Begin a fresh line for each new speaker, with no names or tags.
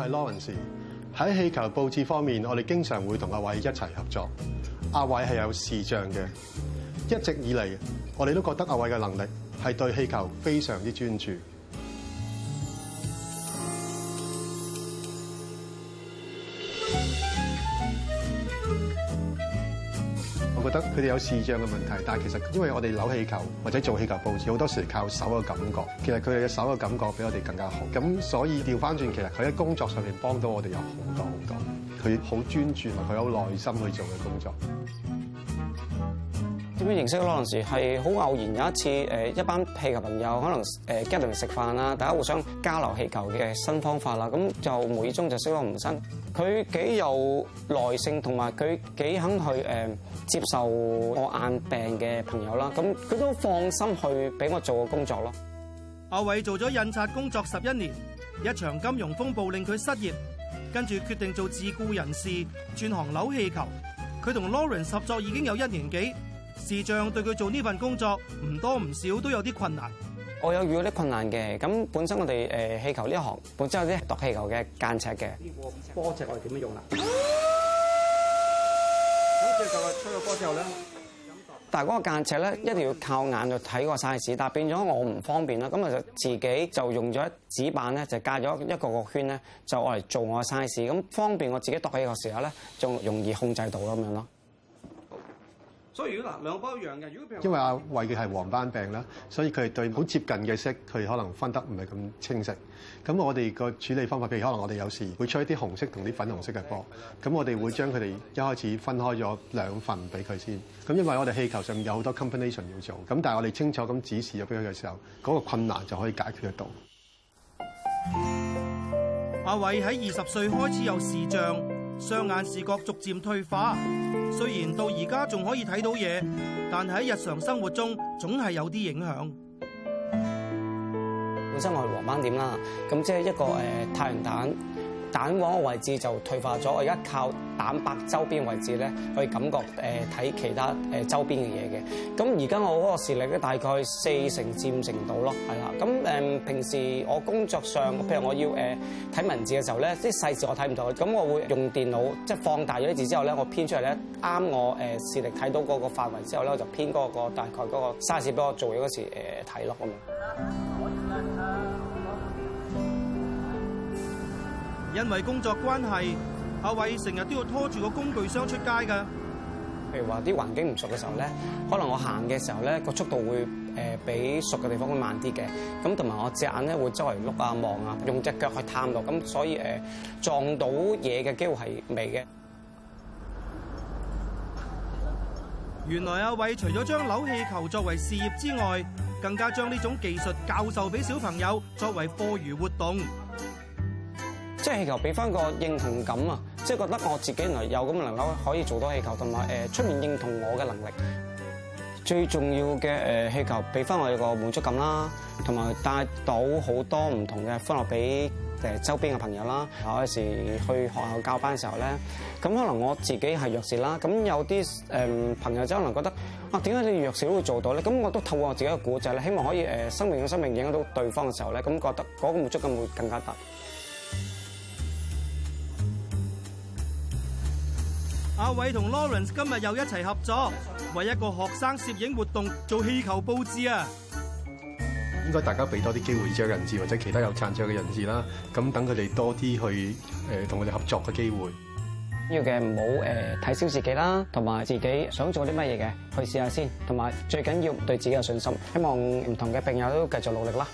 係 Lawrence 喺氣球佈置方面，我哋經常會同阿偉一齊合作。阿偉係有視障嘅，一直以嚟我哋都覺得阿偉嘅能力係對氣球非常之專注。我覺得佢哋有視障嘅問題，但其實因為我哋扭氣球或者做氣球佈置，好多時靠手嘅感覺。其實佢哋嘅手嘅感覺比我哋更加好。咁所以調翻轉，其實佢喺工作上面幫到我哋有好多好多。佢好專注同佢有耐心去做嘅工作。
點樣認識咯？嗰陣時係好偶然，有一次誒一班氣球朋友可能誒 gather 嚟食飯啦，大家互相交流氣球嘅新方法啦。咁就無意中就識咗吳生。佢幾有耐性，同埋佢幾肯去誒接受我眼病嘅朋友啦。咁佢都放心去俾我做個工作咯。
阿偉做咗印刷工作十一年，一場金融風暴令佢失業，跟住決定做自雇人士，轉行扭氣球。佢同 Lawrence 合作已經有一年幾。視障對佢做呢份工作唔多唔少都有啲困難。
我有遇到啲困難嘅。咁本身我哋誒、呃、氣球呢一行，本身有啲度氣球嘅間尺嘅。這個、波尺我哋點樣用啦？好、啊、似就係吹個波之後咧。但係嗰個間尺咧，一定要靠眼去睇個 size，但係變咗我唔方便啦。咁我就自己就用咗紙板咧，就隔咗一個個圈咧，就我嚟做我嘅 size，咁方便我自己度氣嘅時候咧，就容易控制到咁樣咯。
所以如果嗱兩波一樣
嘅，如果譬如因為阿偉嘅係黃斑病啦，所以佢係對好接近嘅色，佢可能分得唔係咁清晰。咁我哋個處理方法，譬如可能我哋有時會出一啲紅色同啲粉紅色嘅波，咁我哋會將佢哋一開始分開咗兩份俾佢先。咁因為我哋氣球上面有好多 combination 要做，咁但係我哋清楚咁指示咗俾佢嘅時候，嗰、那個困難就可以解決得到。
阿偉喺二十歲開始有視障。雙眼視覺逐漸退化，雖然到而家仲可以睇到嘢，但喺日常生活中總係有啲影響。
本身我係黃斑點啦，咁即係一個誒、呃、太陽蛋。蛋黃個位置就退化咗，我而家靠蛋白周邊位置咧去感覺誒睇、呃、其他誒、呃、周邊嘅嘢嘅。咁而家我嗰個視力咧大概四成至五成到咯，係啦。咁誒、呃、平時我工作上譬如我要誒睇、呃、文字嘅時候咧，即細字我睇唔到，咁我會用電腦即係放大咗啲字之後咧，我編出嚟咧啱我誒、呃、視力睇到嗰個範圍之後咧，我就編嗰、那個大概嗰個 size 俾我做嘢嗰時睇咯咁啊。呃
因為工作關係，阿偉成日都要拖住個工具箱出街噶。
譬如話啲環境唔熟嘅時候咧，可能我行嘅時候咧個速度會誒比熟嘅地方會慢啲嘅。咁同埋我隻眼咧會周圍碌啊望啊，用隻腳去探路，咁所以誒撞到嘢嘅機會係微嘅。
原來阿偉除咗將扭氣球作為事業之外，更加將呢種技術教授俾小朋友作為課餘活動。
即係氣球，俾翻個認同感啊！即、就、係、是、覺得我自己原來有能夠有咁能夠可以做到氣球，同埋誒出面認同我嘅能力。最重要嘅誒氣球俾翻我一個滿足感啦，帶同埋帶到好多唔同嘅歡樂俾誒周邊嘅朋友啦。有時去學校教班嘅時候咧，咁可能我自己係弱視啦，咁有啲誒、呃、朋友就可能覺得啊，點解你弱視都會做到咧？咁我都透過自己嘅故事咧，希望可以誒、呃、生命嘅生命影響到對方嘅時候咧，咁覺得嗰個滿足感會更加大。
阿偉同 Lawrence 今日又一齊合作，為一個學生攝影活動做氣球布置啊！
應該大家俾多啲機會，弱視人士或者其他有殘障嘅人士啦，咁等佢哋多啲去誒同我哋合作嘅機會。
要嘅唔好誒睇小自己啦，同埋自己想做啲乜嘢嘅去試下先，同埋最緊要對自己有信心。希望唔同嘅病友都繼續努力啦。